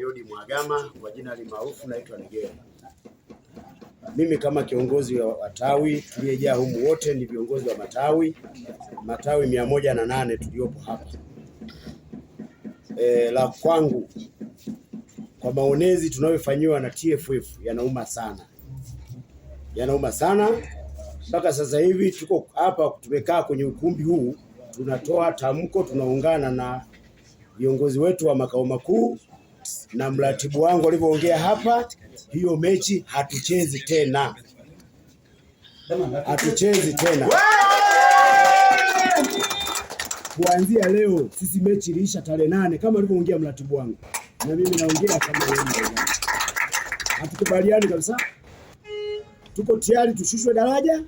Yodi Mwagama, kwa jina maarufu naitwa Nigeri. Mimi kama kiongozi wa watawi tuliyejaa humu wote ni viongozi wa matawi matawi mia moja na nane tuliopo hapa e, la kwangu kwa maonezi tunayofanyiwa na TFF yanauma sana, yanauma sana. Mpaka sasa hivi tuko hapa, tumekaa kwenye ukumbi huu, tunatoa tamko, tunaungana na viongozi wetu wa makao makuu na mratibu wangu alivyoongea hapa, hiyo mechi hatuchezi tena, hatuchezi tena kuanzia leo. Sisi mechi iliisha tarehe nane kama alivyoongea mratibu wangu, na mimi naongea kama Hatukubaliani kabisa, tuko tayari tushushwe daraja,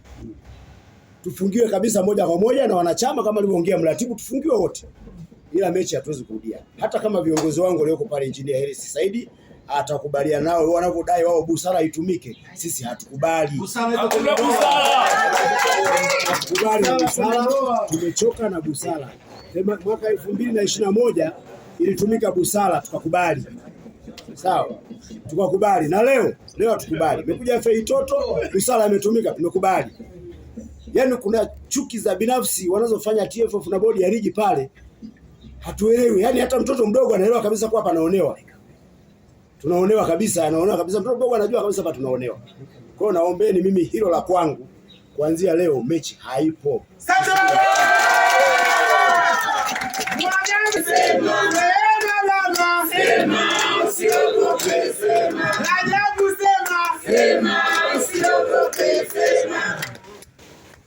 tufungiwe kabisa moja kwa moja na wanachama, kama alivyoongea mratibu, tufungiwe wote ila mechi hatuwezi kurudia, hata kama viongozi wangu walioko pale Injinia Hersi Saidi atakubaliana nao wanavyodai wao, busara itumike. Sisi hatukubali, hatukubali busara, tumechoka na busara. Mwaka elfu mbili na ishirini na moja ilitumika busara, tukakubali sawa, tukakubali na leo leo hatukubali. Imekuja fei toto, busara imetumika, tumekubali. Yaani kuna chuki za binafsi wanazofanya TFF na bodi ya ligi pale hatuelewi. Yani hata mtoto mdogo anaelewa kabisa kuwa hapa anaonewa, tunaonewa kabisa, anaonewa kabisa. Mtoto mdogo anajua kabisa hapa tunaonewa. Kwa hiyo naombeni, mimi hilo la kwangu, kuanzia leo mechi haipo.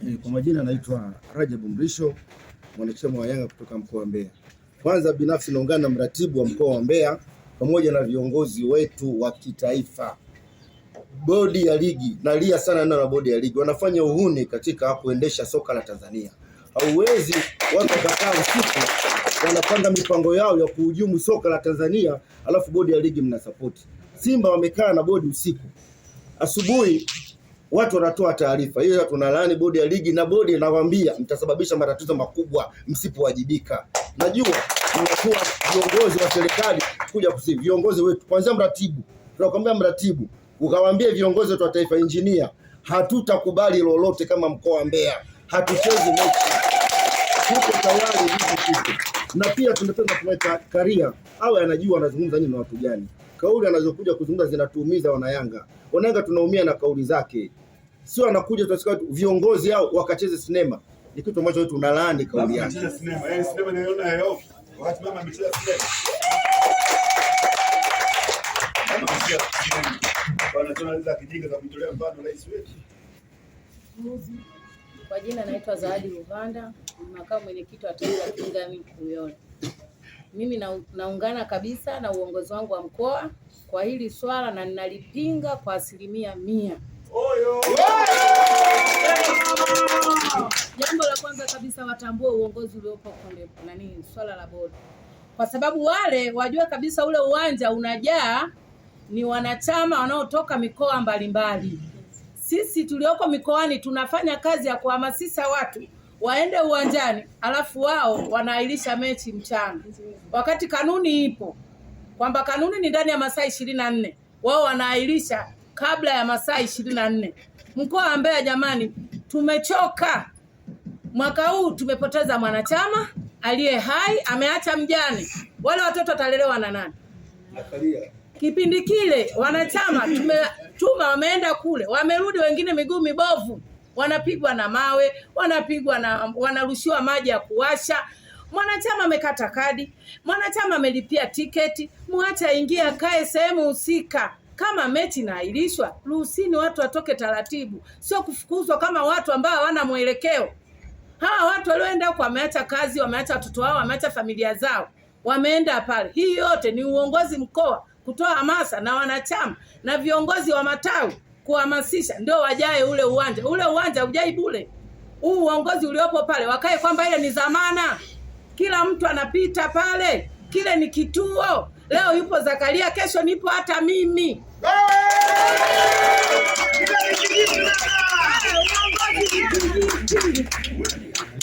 Eh, kwa majina anaitwa Rajabu Mrisho, mwanachama wa Yanga kutoka mkoa wa Mbeya. Kwanza binafsi naungana na mratibu wa mkoa wa Mbeya pamoja na viongozi wetu wa kitaifa, bodi ya ligi. Nalia sana na bodi ya ligi, wanafanya uhuni katika kuendesha soka la Tanzania. Hauwezi watu wakakaa usiku wanapanga mipango yao ya kuhujumu soka la Tanzania, alafu bodi ya ligi mnasapoti. Simba wamekaa na bodi usiku, asubuhi watu wanatoa taarifa hiyo, tunalaani bodi ya ligi na bodi inawaambia mtasababisha matatizo makubwa msipowajibika. Najua tunakuwa viongozi wa serikali kuja kusi viongozi wetu, kwanza mratibu, tunakwambia mratibu, ukawaambie viongozi wetu wa taifa, injinia, hatutakubali lolote kama mkoa wa Mbeya, hatuchezi mechi, tuko tayari hivi na pia tunapenda kumweka Karia awe anajua anazungumza nini na watu gani. Kauli anazokuja kuzungumza zinatuumiza Wanayanga, Wanayanga tunaumia na kauli zake, sio anakuja tunasikia viongozi hao wakacheze sinema. Ni kitu ambacho tunalaani kauli yake. Sinema, yaani sinema ni yao. Wakati mama Mama kijinga za mfano rais wetu. Kwa jina naitwa Zawadi Luvanda, makamu mwenyekiti wa tawi la Kigamboni Buyole. Mimi na, naungana kabisa na uongozi wangu wa mkoa kwa hili swala na ninalipinga kwa asilimia mia. Jambo la kwanza kabisa watambue uongozi uliopo kule nani, swala la bodi, kwa sababu wale wajua kabisa ule uwanja unajaa ni wanachama wanaotoka mikoa mbalimbali. Sisi tulioko mikoani tunafanya kazi ya kuhamasisha watu waende uwanjani, alafu wao wanaahirisha mechi mchana, wakati kanuni ipo kwamba kanuni ni ndani ya masaa ishirini na nne, wao wanaahirisha kabla ya masaa ishirini na nne. Mkoa wa Mbeya jamani, tumechoka. Mwaka huu tumepoteza mwanachama aliye hai, ameacha mjane. Wale watoto watalelewa na nani? Kipindi kile wanachama tumetuma, wameenda kule, wamerudi wengine miguu mibovu, wanapigwa na mawe, wanapigwa na wanarushiwa maji ya kuwasha. Mwanachama amekata kadi, mwanachama amelipia tiketi, mwacha aingie akae sehemu husika. Kama mechi inaahirishwa, ruhusini watu watoke taratibu, sio kufukuzwa kama watu ambao hawana mwelekeo. Hawa watu walioenda huko wameacha kazi, wameacha watoto wao, wameacha familia zao, wameenda pale. Hii yote ni uongozi mkoa kutoa hamasa na wanachama na viongozi wa matawi kuhamasisha, ndio wajae ule uwanja. Ule uwanja ujai bure. Huu uongozi uliopo pale wakae kwamba ile ni dhamana, kila mtu anapita pale, kile ni kituo Leo yupo Zakaria, kesho nipo hata mimi.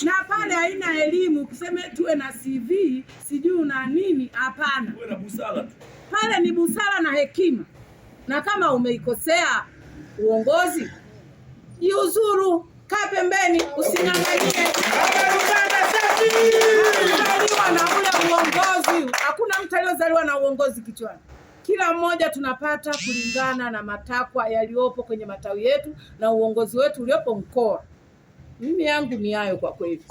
na pale haina elimu kuseme tuwe na CV sijui una nini, hapana. Pale ni busara na hekima, na kama umeikosea uongozi, jiuzuru, kaa pembeni, using'ang'anie aliozaliwa na ule uongozi. Hakuna mtu aliyozaliwa na uongozi kichwani. Kila mmoja tunapata kulingana na matakwa yaliyopo kwenye matawi yetu na uongozi wetu uliopo mkoa. Mimi yangu ni hayo kwa kweli.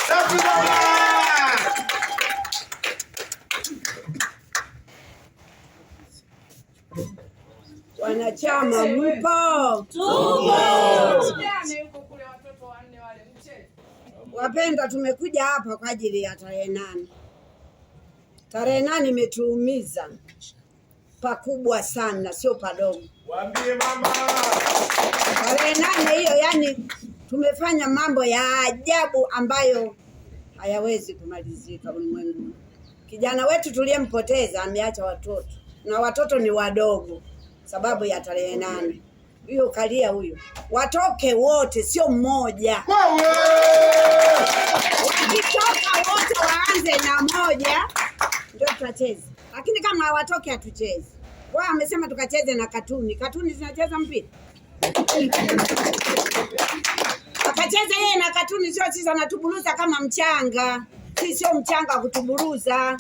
Wanachama mpo? Tupo. Wapendwa, tumekuja hapa kwa ajili ya tarehe nane. Tarehe nane imetuumiza pakubwa sana, sio padogo. Waambie mama, tarehe nane hiyo, yani tumefanya mambo ya ajabu ambayo hayawezi kumalizika ulimwengu. Kijana wetu tuliyempoteza ameacha watoto na watoto ni wadogo, sababu ya tarehe nane hiyo kalia huyo, watoke wote, sio mmoja. Wakitoka wote waanze na moja, ndio tutacheza, lakini kama hawatoke hatuchezi. Wao wamesema tukacheze na katuni, katuni zinacheza mpira akacheza yeye na katuni, sio sisi. Anatuburuza kama mchanga, sisi sio mchanga wa kutuburuza.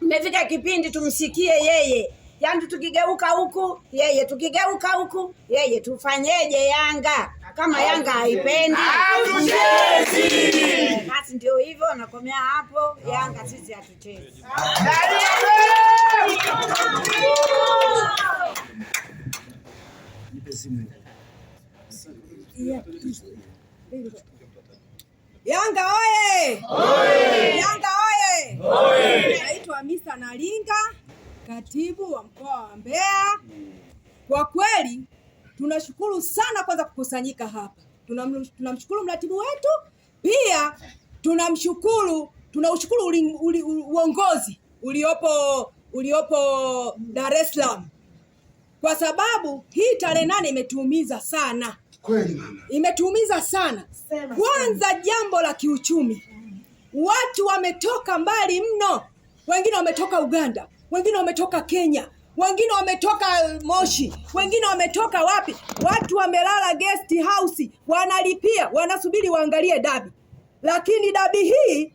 Mmefika kipindi tumsikie yeye yani tukigeuka huku yeye, tukigeuka huku yeye, tufanyeje? Yanga kama Yanga haipendi basi, ndio hivyo, nakomea hapo. Yanga sisi hatuchezi. Yanga oye! Yanga oye! Naitwa Misa Nalinga katibu wa mkoa wa Mbeya. Kwa kweli tunashukuru sana kwanza kukusanyika hapa, tunamshukuru mratibu wetu, pia tunamshukuru tunaushukuru uongozi uliopo uliopo Dar es Salaam kwa sababu hii tarehe nane imetuumiza sana kweli mama, imetuumiza sana kwanza. Jambo la kiuchumi, watu wametoka mbali mno, wengine wametoka Uganda, wengine wametoka Kenya, wengine wametoka Moshi, wengine wametoka wapi. Watu wamelala guest house, wanalipia, wanasubiri waangalie dabi, lakini dabi hii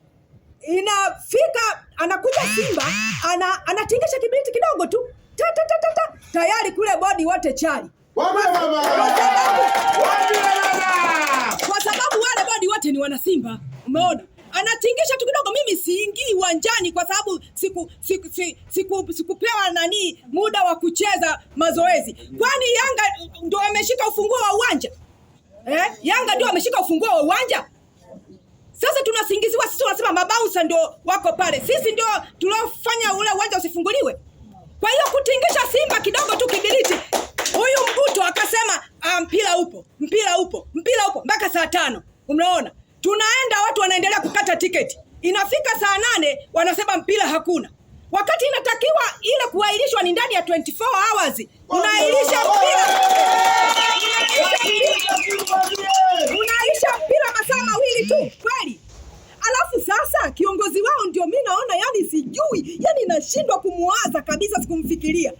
inafika, anakuja Simba ana, anatingisha kibiriti kidogo tu ta, ta, ta, ta, ta. Tayari kule bodi wote chali kwa sababu wale bodi wote ni wana Simba, umeona anatingisha tu kidogo. Mimi siingii uwanjani kwa sababu siku, siku, siku, siku, sikupewa nani muda wa kucheza mazoezi. Kwani Yanga ndio ameshika ufunguo wa uwanja eh? Yanga ndio ameshika ufunguo wa uwanja. Sasa tunasingiziwa sisi, wanasema mabausa ndio wako pale, sisi ndio tuliofanya ule uwanja usifunguliwe. Kwa hiyo kutingisha Simba kidogo tu kibiriti, huyu mbuto akasema ah, mpira upo, mpira upo, mpira upo mpaka saa tano. Umeona? Tunaenda, watu wanaendelea kukata tiketi, inafika saa nane wanasema mpira hakuna, wakati inatakiwa ile kuahirishwa ni ndani ya 24 hours. Unaahirisha mpira, unaahirisha mpira masaa mawili tu, kweli? Alafu sasa kiongozi wao ndio mi naona, yani sijui, yani nashindwa kumuwaza kabisa, sikumfikiria.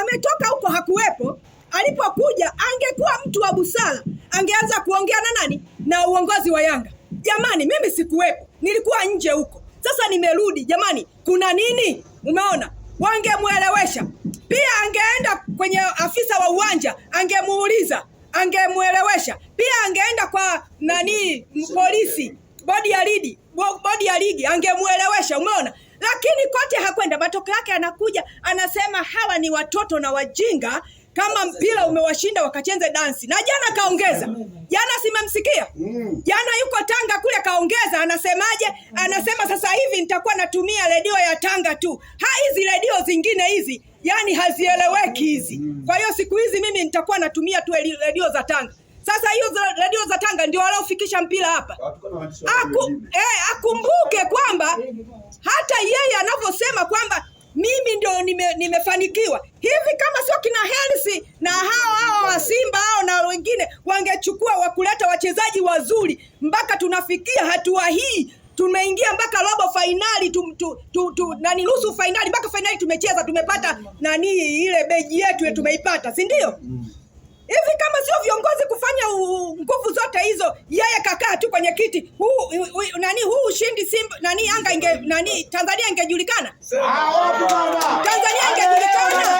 Ametoka huko hakuwepo, alipokuja angekuwa mtu wa busara angeanza kuongea na nani na uongozi wa Yanga Jamani, mimi sikuwepo, nilikuwa nje huko, sasa nimerudi. Jamani, kuna nini? Umeona, wangemwelewesha pia. Angeenda kwenye afisa wa uwanja, angemuuliza, angemwelewesha pia. Angeenda kwa nani, polisi, bodi ya ligi, bodi ya ligi, angemuelewesha. Umeona, lakini kote hakwenda. Matokeo yake anakuja anasema hawa ni watoto na wajinga kama mpira umewashinda wakacheze dansi. Na jana kaongeza, jana simemsikia mm. jana, yuko Tanga kule kaongeza, anasemaje? Anasema sasa hivi nitakuwa natumia redio ya Tanga tu, ha hizi redio zingine hizi yani hazieleweki hizi. Mm. Kwa hiyo siku hizi mimi nitakuwa natumia tu redio za Tanga. Sasa hiyo redio za Tanga ndio waliofikisha mpira hapa. Aku, eh, akumbuke kwamba hata yeye anavyosema kwamba mimi ndio nime, nimefanikiwa hivi. Kama sio kina Hersi na hao hao wa Simba hao na wengine wangechukua wakuleta wachezaji wazuri, mpaka tunafikia hatua hii tumeingia mpaka robo fainali tu, tu, tu, tu, nani nusu fainali mpaka fainali tumecheza, tumepata nani ile beji yetu tumeipata, si ndio? Mm. Hivi kama sio viongozi kufanya nguvu zote hizo, yeye kakaa tu kwenye kiti huu nani, huu ushindi Simba nani, Yanga inge nani, Tanzania ingejulikana, Tanzania ingejulikana.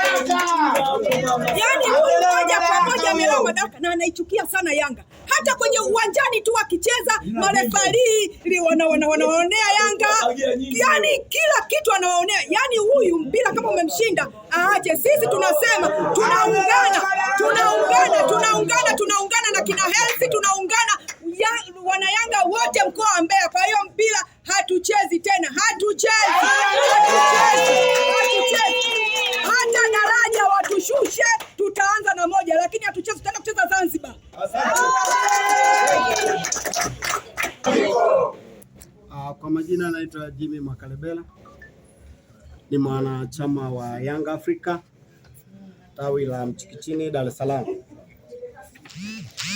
Yani huyu moja kwa moja ameloa madaraka na anaichukia sana Yanga, hata kwenye uwanjani tu akicheza marefari wanawaonea Yanga, yani kila kitu anawaonea. Yani huyu mpira kama umemshinda aache. Sisi tunasema tunaungana, tunaungana, tunaungana, tunaungana na kina Helsi, tunaungana wanayanga wote mkoa wa Mbeya. Kwa hiyo mpira hatuchezi tena, hatuchezi, hatuchezi. Hata daraja watushushe, tutaanza na moja, lakini hatuchezi, tutaenda kucheza Zanzibar. Kwa majina anaitwa Jimmy Makalebela ni mwanachama wa Young Africa tawi la Mchikichini, Dar es Salaam.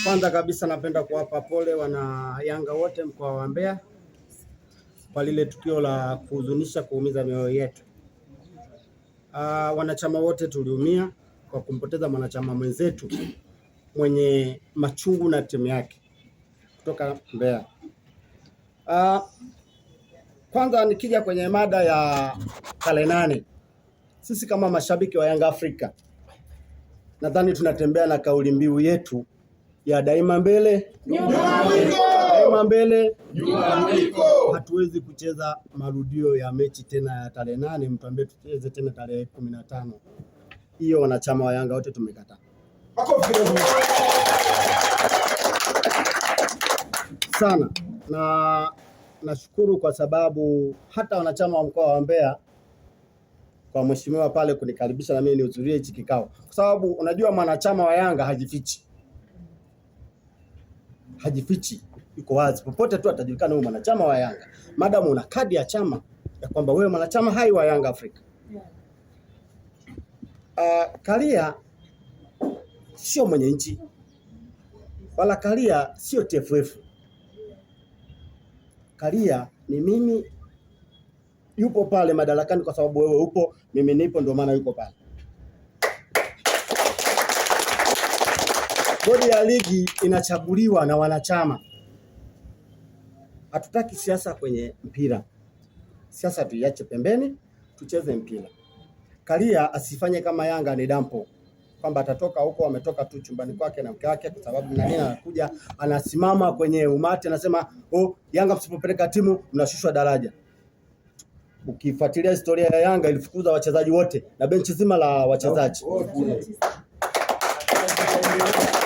Kwanza kabisa napenda kuwapa pole wana Yanga wote mkoa wa Mbeya kwa lile tukio la kuhuzunisha, kuumiza mioyo yetu. Uh, wanachama wote tuliumia kwa kumpoteza mwanachama mwenzetu mwenye machungu na timu yake kutoka Mbeya. Uh, kwanza nikija kwenye mada ya tarehe nane, sisi kama mashabiki wa Yanga Afrika nadhani tunatembea na kauli mbiu yetu ya daima mbele daima mbele Hatuwezi kucheza marudio ya mechi tena ya tarehe nane, mtuambie tucheze tena tarehe kumi na tano. Hiyo wanachama wa Yanga wote tumekataa. sana na Nashukuru kwa sababu hata wanachama wa mkoa wa Mbeya kwa mheshimiwa pale kunikaribisha na mimi nihudhurie hichi kikao, kwa sababu unajua mwanachama wa Yanga hajifichi, hajifichi, yuko wazi, popote tu atajulikana huyu mwanachama wa Yanga, madamu una kadi ya chama ya kwamba wewe mwanachama hai wa Yanga Afrika. Uh, Karia sio mwenye nchi wala Karia sio TFF. Karia ni mimi, yupo pale madarakani kwa sababu wewe upo, mimi nipo, ndio maana yuko pale. Bodi ya ligi inachaguliwa na wanachama. Hatutaki siasa kwenye mpira, siasa tuiache pembeni, tucheze mpira. Karia asifanye kama Yanga ni dampo kwamba atatoka huko, ametoka tu chumbani kwake na mke wake, kwa sababu nani anakuja, anasimama kwenye umati, anasema oh, Yanga msipopeleka timu mnashushwa daraja. Ukifuatilia historia ya Yanga ilifukuza wachezaji wote na benchi zima la wachezaji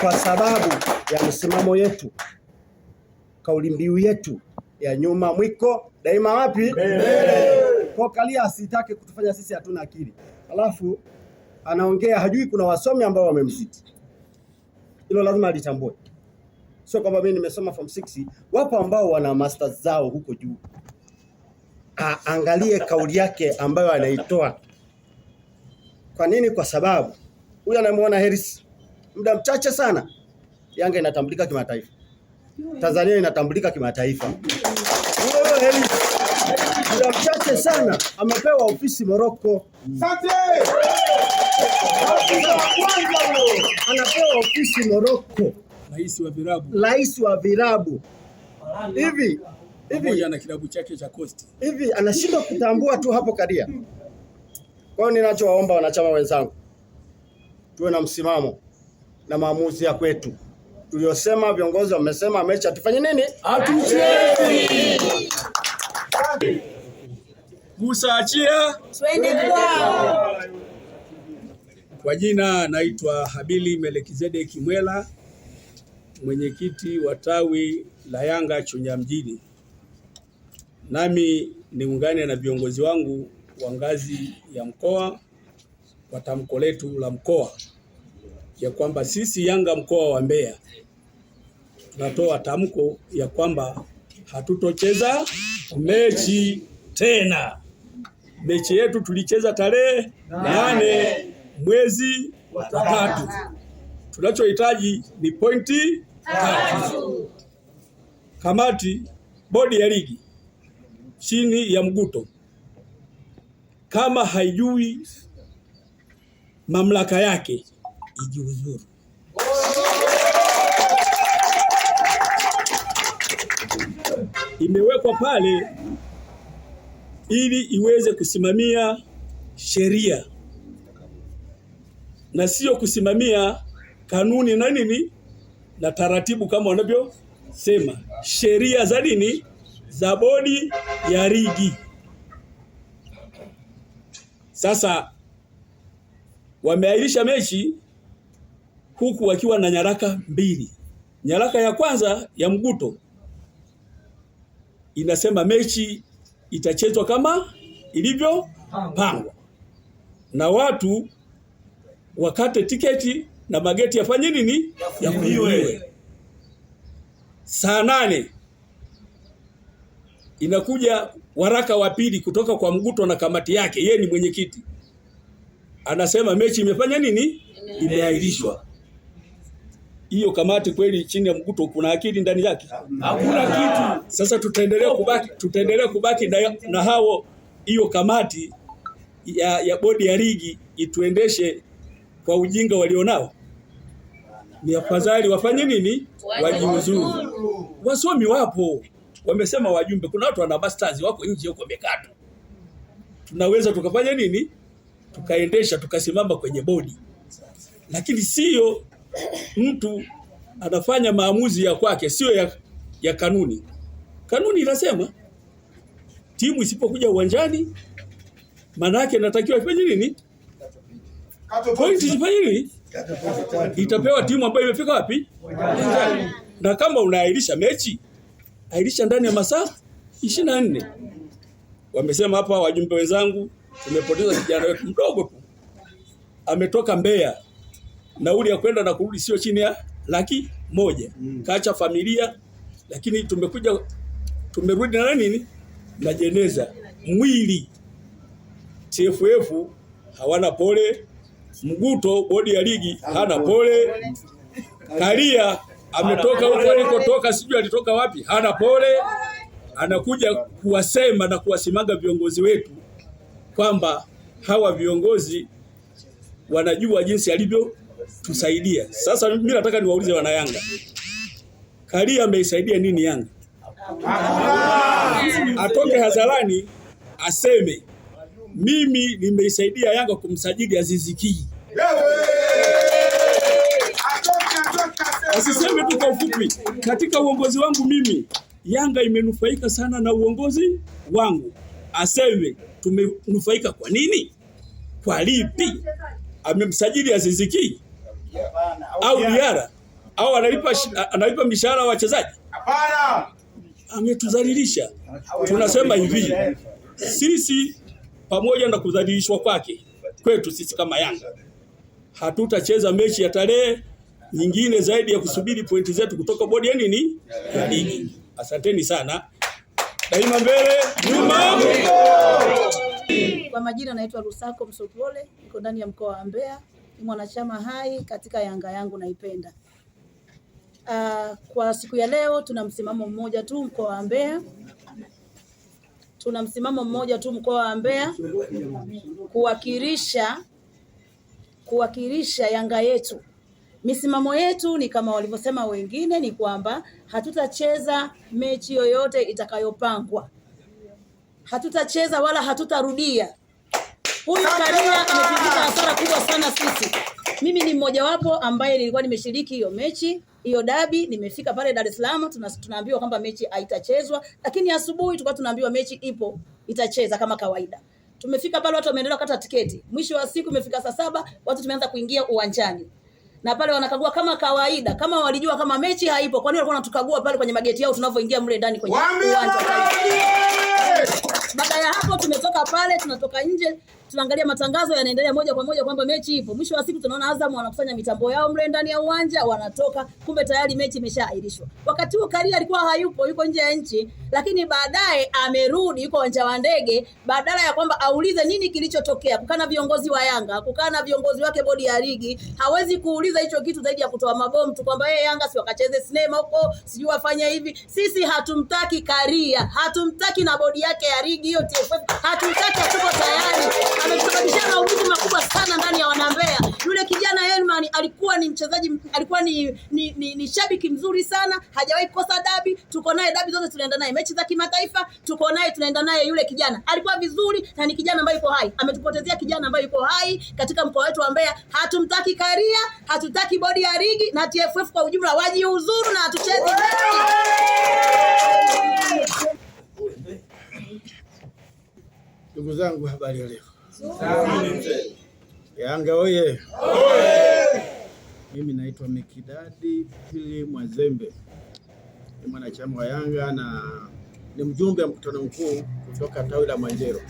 kwa sababu ya msimamo yetu, kauli mbiu yetu ya nyuma mwiko daima wapi? Mbele. Kwa kalia asitake kutufanya sisi hatuna akili. Alafu anaongea hajui kuna wasomi ambao wamemzidi. Hilo lazima alitambue, sio kwamba mimi nimesoma form 6. Wapo ambao wana masters zao huko juu. Aangalie kauli yake ambayo anaitoa. Kwa nini? Kwa sababu huyu anamwona Harris muda mchache sana, Yanga inatambulika kimataifa, Tanzania inatambulika kimataifa. Huyo Harris muda mchache sana amepewa ofisi Morocco. Asante anapewa ofisi Moroko, rais wa virabu, rais wa virabu hivi hivi, ana kilabu chake cha Coast hivi, anashindwa kutambua tu hapo Karia. Kwa hiyo ninachowaomba wanachama wenzangu, tuwe na msimamo na maamuzi ya kwetu tuliosema. Viongozi wamesema, mechi atufanye nini? Hatuchezi. Musa achia, twende kwao. Kwa jina naitwa Habili Melekizedeki Mwela, mwenyekiti wa tawi la Yanga Chunya mjini. Nami niungane na viongozi wangu wa ngazi ya mkoa kwa tamko letu la mkoa ya kwamba sisi Yanga mkoa wa Mbeya tunatoa tamko ya kwamba hatutocheza mechi tena. Mechi yetu tulicheza tarehe nane mwezi wa tatu. Tunachohitaji ni pointi tatu. Kamati bodi ya ligi chini ya Mguto kama haijui mamlaka yake ijiuzuru. Imewekwa pale ili iweze kusimamia sheria na sio kusimamia kanuni na nini na taratibu kama wanavyosema sheria za nini za bodi ya ligi. Sasa wameahirisha mechi huku wakiwa na nyaraka mbili. Nyaraka ya kwanza ya Mguto inasema mechi itachezwa kama ilivyopangwa na watu wakate tiketi na mageti yafanye nini, yafunguliwe. Saa nane inakuja waraka wa pili kutoka kwa Mguto na kamati yake, yeye ni mwenyekiti, anasema mechi imefanya nini, imeahirishwa. Hiyo kamati kweli, chini ya Mguto kuna akili ndani yake? Hakuna kitu. Sasa tutaendelea kubaki, tutaendelea kubaki na, na hao hiyo kamati ya, ya bodi ya ligi ituendeshe kwa ujinga walionao, ni afadhali wafanye nini? Wajiuzuru. Wasomi wapo, wamesema wajumbe. Kuna watu wana bastazi wako nje huko mekato Tunaweza tukafanya nini? Tukaendesha, tukasimama kwenye bodi, lakini sio mtu anafanya maamuzi ya kwake, sio ya, ya kanuni. Kanuni inasema timu isipokuja uwanjani, maana yake natakiwa ifanye nini? pointi hili itapewa timu ambayo imefika wapi, na kama unaahirisha mechi, ahirisha ndani ya masaa ishirini na nne. Wamesema hapa wajumbe wenzangu, tumepoteza kijana wetu mdogo tu, ametoka Mbeya, nauli ya kwenda na kurudi sio chini ya laki moja. Mm. Kaacha familia, lakini tumekuja tumerudi na nini na jeneza mwili. TFF hawana pole Mguto bodi ya ligi hana pole. Karia ametoka huko alikotoka, sijui alitoka wapi, hana pole. Anakuja kuwasema na kuwasimaga viongozi wetu kwamba hawa viongozi wanajua jinsi alivyotusaidia. Sasa mimi nataka niwaulize wana Yanga, Karia ameisaidia nini Yanga? Atoke hadharani aseme mimi nimeisaidia Yanga kumsajili Azizi Ki. Asiseme tu kwa ufupi, katika uongozi wangu mimi Yanga imenufaika sana na uongozi wangu. Aseme tumenufaika kwa nini? Kwa lipi? Amemsajili Azizi Ki au Diara au analipa analipa mishahara wa wachezaji? Hapana, ametudhalilisha. Tunasema hivi sisi pamoja na kudhalilishwa kwake kwetu sisi kama Yanga, hatutacheza mechi ya tarehe nyingine zaidi ya kusubiri pointi zetu kutoka bodi ya nini ya ligi. Asanteni sana, daima mbele, nyuma. Kwa majina naitwa rusako Msopole, niko ndani ya mkoa wa Mbeya, ni mwanachama hai katika Yanga yangu naipenda. Uh, kwa siku ya leo tuna msimamo mmoja tu mkoa wa Mbeya tuna msimamo mmoja tu mkoa wa Mbeya kuwakilisha kuwakilisha Yanga yetu. Misimamo yetu ni kama walivyosema wengine, ni kwamba hatutacheza mechi yoyote itakayopangwa, hatutacheza wala hatutarudia Huyu Karina ametuingiza hasara kubwa sana sisi. Mimi ni mmojawapo ambaye nilikuwa nimeshiriki hiyo mechi hiyo dabi, nimefika pale Dar es Salaam, tunaambiwa kwamba mechi haitachezwa, lakini asubuhi tulikuwa tunaambiwa mechi ipo, itacheza kama kawaida. Tumefika pale, watu wameendelea kata tiketi. Mwisho wa siku imefika saa saba, watu tumeanza kuingia uwanjani na pale wanakagua kama kawaida. Kama walijua kama mechi haipo, kwani walikuwa wanatukagua pale kwenye mageti yao tunavyoingia mle ndani kwenye uwanja? Baada ya hapo, tumetoka pale, tunatoka nje, tunaangalia matangazo yanaendelea moja kwa moja kwamba mechi ipo. Mwisho wa siku tunaona Azam wanakusanya mitambo yao mle ndani ya uwanja, wanatoka, kumbe tayari mechi imeshaahirishwa. Wakati huo Karia alikuwa hayupo, yuko nje ya nchi, lakini baadaye amerudi, yuko uwanja wa ndege, badala ya kwamba aulize nini kilichotokea, kukaa na viongozi wa Yanga, kukaa na viongozi wake bodi ya ligi, hawezi kuuliza hicho kitu zaidi ya kutoa mabomu tu kwamba yeye eh, Yanga si wakacheze sinema huko, sijui wafanye hivi. Sisi hatumtaki Karia, hatumtaki na bodi yake ya ligi hiyo TFF, hatumtaki, hatuko tayari amesababisha maumivu makubwa sana ndani ya wanambea. Yule kijana Elman alikuwa ni mchezaji, alikuwa ni, ni, ni, ni shabiki mzuri sana, hajawahi kosa dabi. Tuko naye dabi zote, tunaenda naye mechi za kimataifa, tuko naye tunaenda naye. Yule kijana alikuwa vizuri na ni kijana ambaye yuko hai, ametupotezea kijana ambaye yuko hai katika mkoa wetu wa Mbeya. Hatumtaki Karia, hatutaki bodi ya ligi na TFF kwa ujumla wajiuzuru na hatucheze mechi. Ndugu zangu, habari ya leo Yanga oye! Mimi naitwa Mikidadi Pili Mwazembe, ni mwanachama wa Yanga na ni mjumbe wa mkutano mkuu kutoka tawi la manjero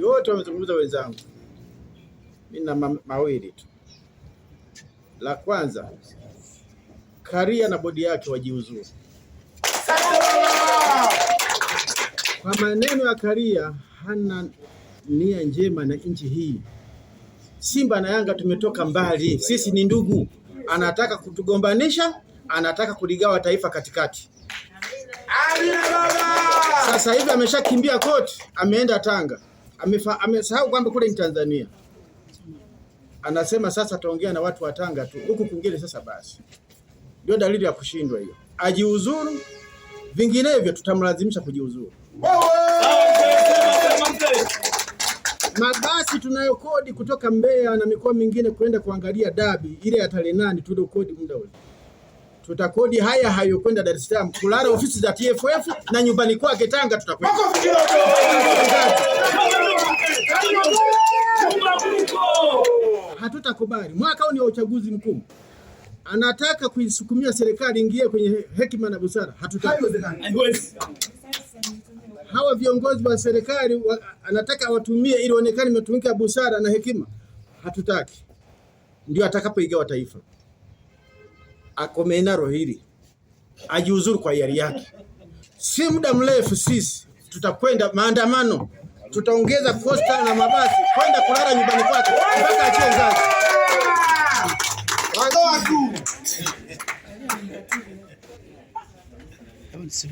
Yote wamezungumza wenzangu, mimi na ma mawili tu. La kwanza, Karia na bodi yake wajiuzuru. Kwa maneno ya Karia hana nia njema na nchi hii. Simba na Yanga tumetoka mbali, sisi ni ndugu. Anataka kutugombanisha, anataka kuligawa taifa katikati. Sasa hivi ameshakimbia koti, ameenda Tanga, amesahau kwamba kule ni Tanzania. Anasema sasa ataongea na watu wa Tanga tu, huku kwingine sasa basi. Ndio dalili ya kushindwa hiyo, ajiuzuru, vinginevyo tutamlazimisha kujiuzuru. Mabasi tunayokodi kutoka Mbeya na mikoa mingine kwenda kuangalia dabi ile ya tarehe nane tuliokodi muda ule, tutakodi haya hayo kwenda Dar es Salaam kulala ofisi za TFF na nyumbani kwake Tanga tutakwenda hatutakubali. Mwaka huu ni wa uchaguzi mkuu, anataka kuisukumia serikali ingie kwenye hekima na busara, hatutakubali hawa viongozi wa serikali wa, anataka watumie ili waonekane imetumika busara na hekima. Hatutaki, ndio atakapoigawa taifa. akomenaro hili, ajiuzuru kwa hiari yake. Si muda mrefu sisi tutakwenda maandamano, tutaongeza kosta na mabasi kwenda kulala nyumbani kwake mpaka achie